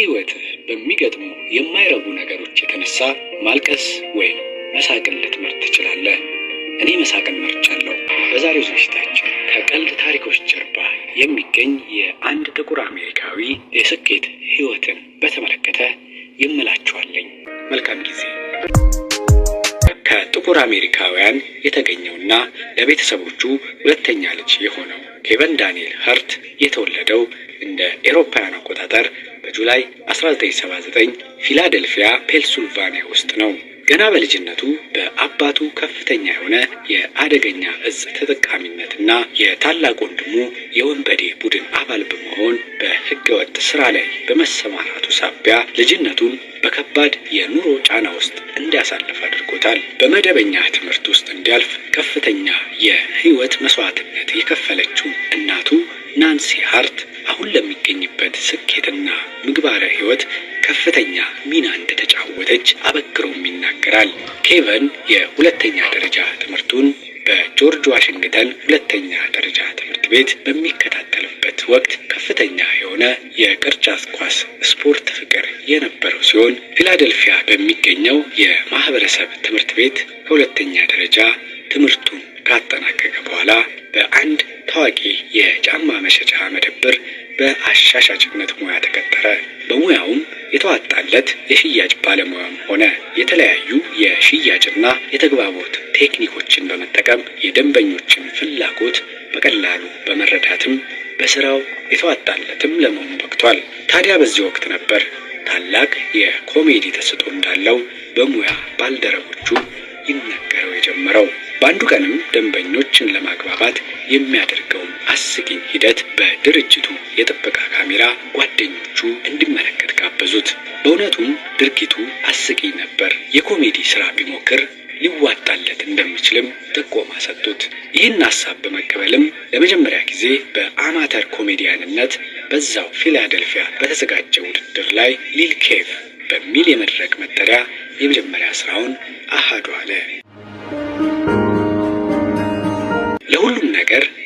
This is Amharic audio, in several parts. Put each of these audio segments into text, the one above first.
በሕይወትህ በሚገጥሙ የማይረቡ ነገሮች የተነሳ ማልቀስ ወይም መሳቅን ልትመርጥ ትችላለህ። እኔ መሳቅን መርጫለሁ። በዛሬው ዝግጅታችን ከቀልድ ታሪኮች ጀርባ የሚገኝ የአንድ ጥቁር አሜሪካዊ የስኬት ህይወትን በተመለከተ የምላችኋለኝ። መልካም ጊዜ። ከጥቁር አሜሪካውያን የተገኘውና ለቤተሰቦቹ ሁለተኛ ልጅ የሆነው ኬቨን ዳንኤል ሀርት የተወለደው እንደ ኤሮፓውያን አቆጣጠር በጁላይ 1979 ፊላደልፊያ ፔንስልቫኒያ ውስጥ ነው። ገና በልጅነቱ በአባቱ ከፍተኛ የሆነ የአደገኛ እጽ ተጠቃሚነትና የታላቅ ወንድሙ የወንበዴ ቡድን አባል በመሆን በህገወጥ ስራ ላይ በመሰማራቱ ሳቢያ ልጅነቱን በከባድ የኑሮ ጫና ውስጥ እንዲያሳልፍ አድርጎታል። በመደበኛ ትምህርት ውስጥ እንዲያልፍ ከፍተኛ የህይወት መስዋዕትነት የከፈለችው እናቱ ናንሲ ሃርት አሁን ለሚገኝበት ስኬትና ምግባረ ህይወት ከፍተኛ ሚና እንደተጫወተች አበክሮም ይናገራል። ኬቨን የሁለተኛ ደረጃ ትምህርቱን በጆርጅ ዋሽንግተን ሁለተኛ ደረጃ ትምህርት ቤት በሚከታተልበት ወቅት ከፍተኛ የሆነ የቅርጫት ኳስ ስፖርት ፍቅር የነበረው ሲሆን ፊላደልፊያ በሚገኘው የማህበረሰብ ትምህርት ቤት ሁለተኛ ደረጃ ትምህርቱን ካጠናቀቀ በኋላ በአንድ ታዋቂ የጫማ መሸጫ መደብር በአሻሻጭነት ሙያ ተቀጠረ። በሙያውም የተዋጣለት የሽያጭ ባለሙያም ሆነ። የተለያዩ የሽያጭና የተግባቦት ቴክኒኮችን በመጠቀም የደንበኞችን ፍላጎት በቀላሉ በመረዳትም በስራው የተዋጣለትም ለመሆኑ በቅቷል። ታዲያ በዚህ ወቅት ነበር ታላቅ የኮሜዲ ተሰጥኦ እንዳለው በሙያ ባልደረቦቹ ይነገረው የጀመረው። በአንዱ ቀንም ደንበኞችን ለማግባባት የሚያደርገውን አስቂኝ ሂደት በድርጅቱ የጥበቃ ካሜራ ጓደኞቹ እንዲመለከት ጋበዙት። በእውነቱም ድርጊቱ አስቂኝ ነበር። የኮሜዲ ስራ ቢሞክር ሊዋጣለት እንደሚችልም ጥቆማ ሰጡት። ይህን ሀሳብ በመቀበልም ለመጀመሪያ ጊዜ በአማተር ኮሜዲያንነት በዛው ፊላደልፊያ በተዘጋጀ ውድድር ላይ ሊል ኬቭ በሚል የመድረክ መጠሪያ የመጀመሪያ ስራውን አሃዱ አለ።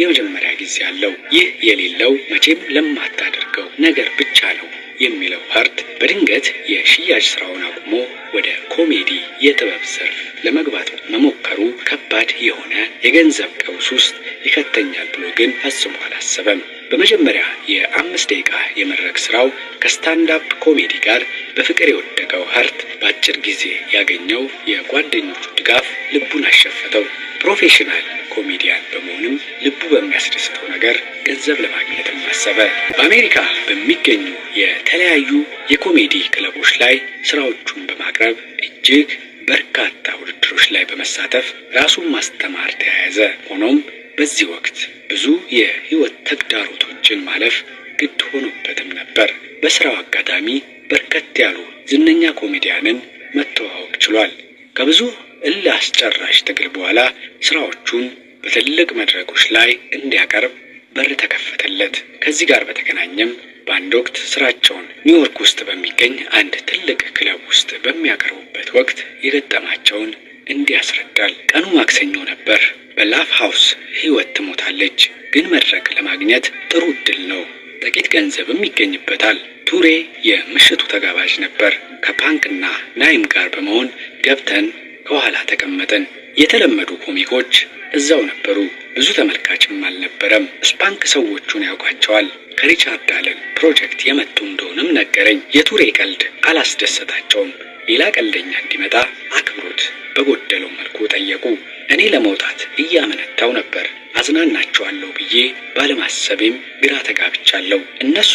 የመጀመሪያ ጊዜ አለው። ይህ የሌለው መቼም ለማታደርገው ነገር ብቻ ነው የሚለው ሀርት በድንገት የሽያጭ ስራውን አቁሞ ወደ ኮሜዲ የጥበብ ዘርፍ ለመግባት መሞከሩ ከባድ የሆነ የገንዘብ ቀውስ ውስጥ ይከተኛል ብሎ ግን ፈጽሞ አላሰበም። በመጀመሪያ የአምስት ደቂቃ የመድረክ ስራው ከስታንዳፕ ኮሜዲ ጋር በፍቅር የወደቀው ሀርት በአጭር ጊዜ ያገኘው የጓደኞቹ ድጋፍ ልቡን አሸፈተው። ፕሮፌሽናል ኮሜዲያን በመሆንም ልቡ በሚያስደስተው ነገር ገንዘብ ለማግኘትም አሰበ። በአሜሪካ በሚገኙ የተለያዩ የኮሜዲ ክለቦች ላይ ስራዎቹን በማቅረብ እጅግ በርካታ ውድድሮች ላይ በመሳተፍ ራሱን ማስተማር ተያያዘ። ሆኖም በዚህ ወቅት ብዙ የህይወት ተግዳሮቶችን ማለፍ ግድ ሆኖበትም ነበር። በስራው አጋጣሚ በርከት ያሉ ዝነኛ ኮሜዲያንን መተዋወቅ ችሏል። ከብዙ እልህ አስጨራሽ ትግል በኋላ ስራዎቹን በትልቅ መድረኮች ላይ እንዲያቀርብ በር ተከፈተለት። ከዚህ ጋር በተገናኘም በአንድ ወቅት ስራቸውን ኒውዮርክ ውስጥ በሚገኝ አንድ ትልቅ ክለብ ውስጥ በሚያቀርቡበት ወቅት የገጠማቸውን እንዲያስረዳል ቀኑ ማክሰኞ ነበር። በላፍ ሃውስ ህይወት ትሞታለች፣ ግን መድረክ ለማግኘት ጥሩ እድል ነው። ጥቂት ገንዘብም ይገኝበታል። ቱሬ የምሽቱ ተጋባዥ ነበር። ከፓንክና ናይም ጋር በመሆን ገብተን ከኋላ ተቀመጥን። የተለመዱ ኮሚኮች እዛው ነበሩ። ብዙ ተመልካችም አልነበረም። ስፓንክ ሰዎቹን ያውቋቸዋል ከሪቻርድ አለን ፕሮጀክት የመጡ እንደሆንም ነገረኝ። የቱሬ ቀልድ አላስደሰታቸውም። ሌላ ቀልደኛ እንዲመጣ አክብሮት በጎደለው መልኩ ጠየቁ። እኔ ለመውጣት እያመነታው ነበር። አዝናናቸዋለሁ ብዬ ባለማሰቤም ግራ ተጋብቻለሁ። እነሱ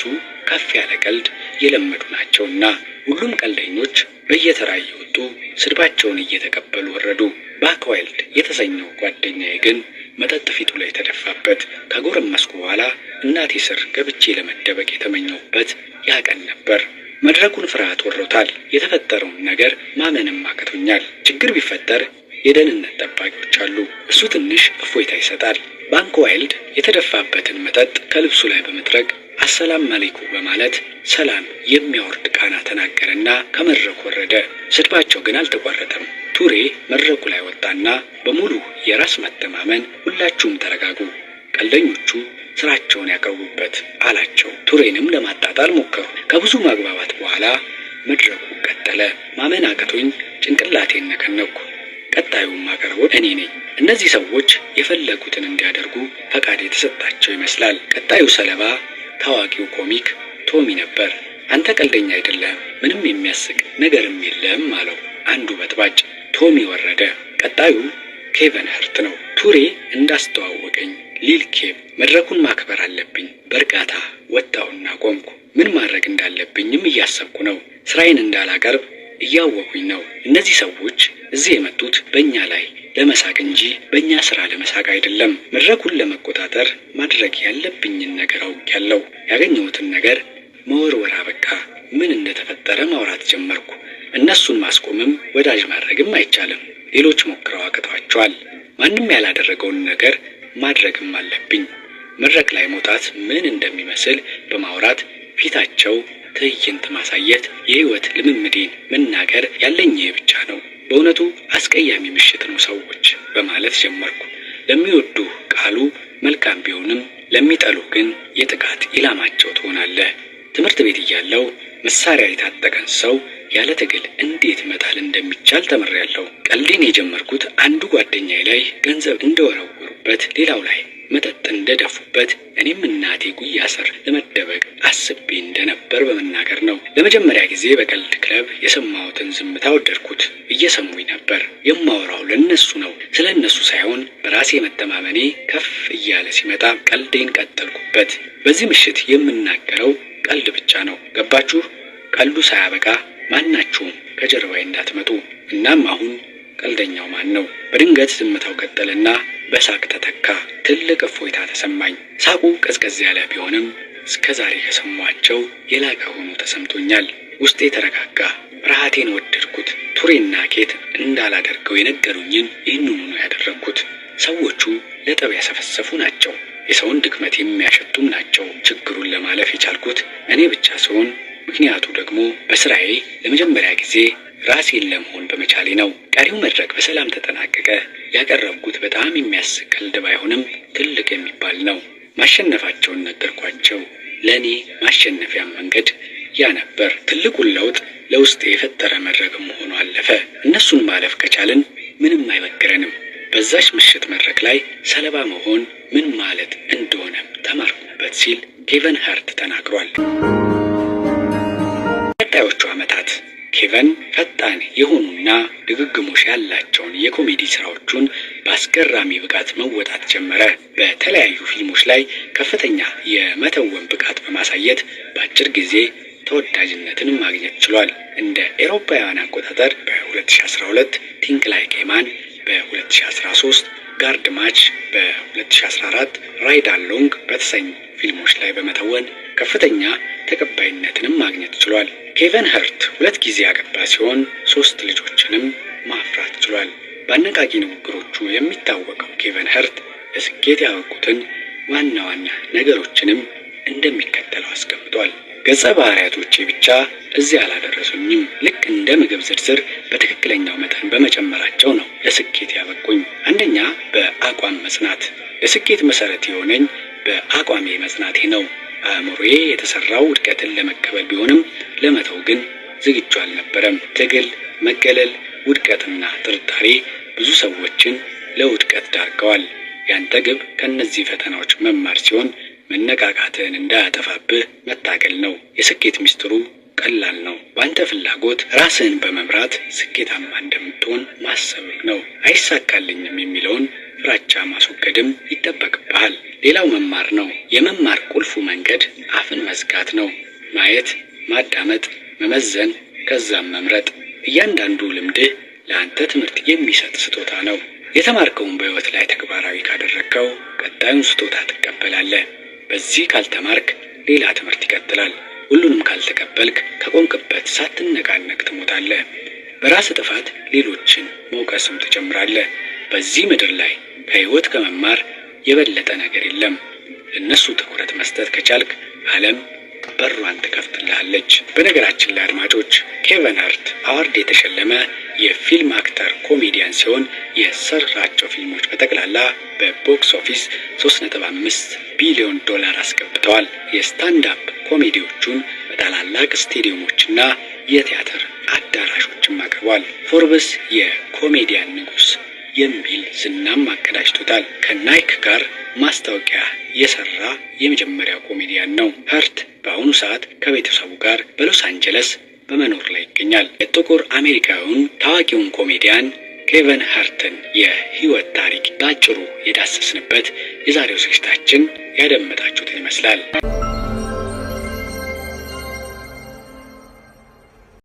ከፍ ያለ ቀልድ የለመዱ ናቸውና ሁሉም ቀልደኞች በየተራ እየወጡ ስድባቸውን እየተቀበሉ ወረዱ። ባክዋይልድ የተሰኘው ጓደኛዬ ግን መጠጥ ፊቱ ላይ ተደፋበት። ከጎረመስኩ በኋላ እናቴ ስር ገብቼ ለመደበቅ የተመኘሁበት ያ ቀን ነበር። መድረኩን ፍርሃት ወሮታል። የተፈጠረውን ነገር ማመንም አቅቶኛል። ችግር ቢፈጠር የደህንነት ጠባቂዎች አሉ። እሱ ትንሽ እፎይታ ይሰጣል። ባንክ ዋይልድ የተደፋበትን መጠጥ ከልብሱ ላይ በመጥረግ አሰላም አለይኩም በማለት ሰላም የሚያወርድ ቃና ተናገረና ከመድረኩ ወረደ። ስድባቸው ግን አልተቋረጠም። ቱሬ መድረኩ ላይ ወጣና በሙሉ የራስ መተማመን ሁላችሁም ተረጋጉ፣ ቀልደኞቹ ስራቸውን ያቀርቡበት አላቸው። ቱሬንም ለማጣጣል ሞከሩ። ከብዙ ማግባባት በኋላ መድረኩ ቀጠለ። ማመን አቅቶኝ ጭንቅላቴን ነከነኩ። ቀጣዩም አቅርቦት እኔ ነኝ። እነዚህ ሰዎች የፈለጉትን እንዲያደርጉ ፈቃድ የተሰጣቸው ይመስላል። ቀጣዩ ሰለባ ታዋቂው ኮሚክ ቶሚ ነበር። አንተ ቀልደኛ አይደለም፣ ምንም የሚያስቅ ነገርም የለም አለው አንዱ በጥባጭ። ቶሚ ወረደ። ቀጣዩ ኬቨን ሀርት ነው። ቱሬ እንዳስተዋወቀኝ ሊልኬም መድረኩን ማክበር አለብኝ። በእርጋታ ወጣሁና ቆምኩ። ምን ማድረግ እንዳለብኝም እያሰብኩ ነው። ስራዬን እንዳላቀርብ እያወቁኝ ነው። እነዚህ ሰዎች እዚህ የመጡት በእኛ ላይ ለመሳቅ እንጂ በእኛ ስራ ለመሳቅ አይደለም። መድረኩን ለመቆጣጠር ማድረግ ያለብኝን ነገር አውቄያለሁ። ያገኘሁትን ነገር መወርወር አበቃ። ምን እንደተፈጠረ ማውራት ጀመርኩ። እነሱን ማስቆምም ወዳጅ ማድረግም አይቻልም። ሌሎች ሞክረው አቅተዋቸዋል። ማንም ያላደረገውን ነገር ማድረግም አለብኝ። መድረክ ላይ መውጣት ምን እንደሚመስል በማውራት ፊታቸው ትዕይንት ማሳየት፣ የህይወት ልምምዴን መናገር ያለኝ ይህ ብቻ ነው። በእውነቱ አስቀያሚ ምሽት ነው ሰዎች በማለት ጀመርኩ። ለሚወዱ ቃሉ መልካም ቢሆንም ለሚጠሉ ግን የጥቃት ኢላማቸው ትሆናለህ። ትምህርት ቤት እያለው መሳሪያ የታጠቀን ሰው ያለ ትግል እንዴት መጣል እንደሚቻል ተምሬያለሁ። ቀልዴን የጀመርኩት አንዱ ጓደኛዬ ላይ ገንዘብ እንደወረው እንደደፉበት፣ ሌላው ላይ መጠጥ እንደደፉበት እኔም እናቴ ጉያ ስር ለመደበቅ አስቤ እንደነበር በመናገር ነው። ለመጀመሪያ ጊዜ በቀልድ ክለብ የሰማሁትን ዝምታ ወደድኩት። እየሰሙኝ ነበር። የማወራው ለእነሱ ነው፣ ስለ እነሱ ሳይሆን። በራሴ መተማመኔ ከፍ እያለ ሲመጣ ቀልዴን ቀጠልኩበት። በዚህ ምሽት የምናገረው ቀልድ ብቻ ነው። ገባችሁ? ቀልዱ ሳያበቃ ማናችሁም ከጀርባዬ እንዳትመጡ። እናም አሁን ቀልደኛው ማን ነው? በድንገት ዝምታው ቀጠለና በሳቅ ተተካ። ትልቅ እፎይታ ተሰማኝ። ሳቁ ቀዝቀዝ ያለ ቢሆንም እስከ ዛሬ ከሰሟቸው የላቀ ሆኖ ተሰምቶኛል። ውስጤ ተረጋጋ። ረሃቴን ወደድኩት። ቱሬና ኬት እንዳላደርገው የነገሩኝን ይህንኑ ነው ያደረግኩት። ሰዎቹ ለጠብ ያሰፈሰፉ ናቸው። የሰውን ድክመት የሚያሸቱም ናቸው። ችግሩን ለማለፍ የቻልኩት እኔ ብቻ ሲሆን ምክንያቱ ደግሞ በስራዬ ለመጀመሪያ ጊዜ ራሴን ለመሆን በመቻሌ ነው። ቀሪው መድረክ በሰላም ተጠናቀቀ። ያቀረብኩት በጣም የሚያስቅ ቀልድ ባይሆንም ትልቅ የሚባል ነው። ማሸነፋቸውን ነገርኳቸው። ለእኔ ማሸነፊያ መንገድ ያ ነበር። ትልቁን ለውጥ ለውስጤ የፈጠረ መድረክ መሆኑ አለፈ። እነሱን ማለፍ ከቻልን ምንም አይበግረንም። በዛች ምሽት መድረክ ላይ ሰለባ መሆን ምን ማለት እንደሆነ ተማርኩበት ሲል ኬቨን ሀርት ተናግሯል። ሄቨን ፈጣን የሆኑና ድግግሞሽ ያላቸውን የኮሜዲ ስራዎቹን በአስገራሚ ብቃት መወጣት ጀመረ። በተለያዩ ፊልሞች ላይ ከፍተኛ የመተወን ብቃት በማሳየት በአጭር ጊዜ ተወዳጅነትን ማግኘት ችሏል። እንደ ኤሮፓውያን አቆጣጠር በ2012 ቲንክ ላይክ ኤማን፣ በ2013 ጋርድ ማች በ2014 ራይድ አሎንግ በተሰኙ ፊልሞች ላይ በመተወን ከፍተኛ ተቀባይነትንም ማግኘት ችሏል። ኬቨን ሀርት ሁለት ጊዜ ያገባ ሲሆን ሶስት ልጆችንም ማፍራት ችሏል። በአነቃቂ ንግግሮቹ የሚታወቀው ኬቨን ሀርት ለስኬት ያበቁትን ዋና ዋና ነገሮችንም እንደሚከተለው አስቀምጧል። ገጸ ባህሪያቶቼ ብቻ እዚህ አላደረሱኝም። ልክ እንደ ምግብ ዝርዝር በትክክለኛው መጠን በመጨመራቸው ነው ለስኬት ያበቁኝ። አንደኛ በአቋም መጽናት። ለስኬት መሰረት የሆነኝ በአቋሜ መጽናቴ ነው። አእምሮዬ የተሰራው ውድቀትን ለመቀበል ቢሆንም ለመተው ግን ዝግጁ አልነበረም። ትግል፣ መገለል፣ ውድቀትና ጥርጣሬ ብዙ ሰዎችን ለውድቀት ዳርገዋል። ያንተ ግብ ከእነዚህ ፈተናዎች መማር ሲሆን መነቃቃትን እንዳያጠፋብህ መታገል ነው። የስኬት ሚስጥሩ ቀላል ነው። በአንተ ፍላጎት ራስህን በመምራት ስኬታማ እንደምትሆን ማሰብ ነው። አይሳካልኝም የሚለውን ፍራቻ ማስወገድም ይጠበቅብሃል። ሌላው መማር ነው። የመማር ቁልፉ መንገድ አፍን መዝጋት ነው። ማየት፣ ማዳመጥ፣ መመዘን፣ ከዛም መምረጥ። እያንዳንዱ ልምድህ ለአንተ ትምህርት የሚሰጥ ስጦታ ነው። የተማርከውን በሕይወት ላይ ተግባራዊ ካደረግከው ቀጣዩን ስጦታ ትቀበላለህ። በዚህ ካልተማርክ ሌላ ትምህርት ይቀጥላል። ሁሉንም ካልተቀበልክ ከቆምክበት ሳትነቃነቅ ትሞታለህ። በራስ ጥፋት ሌሎችን መውቀስም ትጀምራለህ። በዚህ ምድር ላይ ከሕይወት ከመማር የበለጠ ነገር የለም። እነሱ ትኩረት መስጠት ከቻልክ ዓለም በሯን ትከፍትልሃለች። በነገራችን ላይ አድማጮች ኬቨን ሃርት አዋርድ የተሸለመ የፊልም አክተር ኮሜዲያን ሲሆን የሰራቸው ፊልሞች በጠቅላላ በቦክስ ኦፊስ 3.5 ቢሊዮን ዶላር አስገብተዋል። የስታንዳፕ ኮሜዲዎቹን በታላላቅ ስቴዲየሞችና የቲያትር አዳራሾችም አቅርቧል። ፎርብስ የኮሜዲያን ንጉሥ የሚል ዝናም አቀዳጅቶታል። ከናይክ ጋር ማስታወቂያ የሰራ የመጀመሪያው ኮሜዲያን ነው። ሀርት በአሁኑ ሰዓት ከቤተሰቡ ጋር በሎስ አንጀለስ በመኖር ላይ ይገኛል። የጥቁር አሜሪካዊውን ታዋቂውን ኮሜዲያን ኬቨን ሃርትን የህይወት ታሪክ በአጭሩ የዳሰስንበት የዛሬው ዝግጅታችን ያደመጣችሁትን ይመስላል።